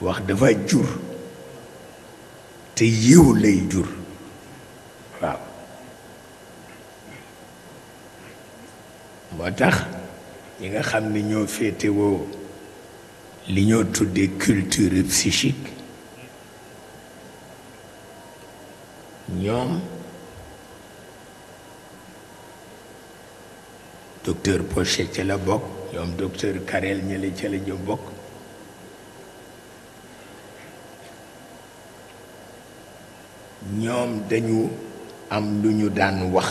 wax dafa jur te yiw lay jur waaw moo tax nga xam ne ñoo li ñoo culture psychique ñoom docteur Pochet ca la bokk ñoom docteur Karel ñële ca la ñu bokk ñoom dañu am lu ñu daan wax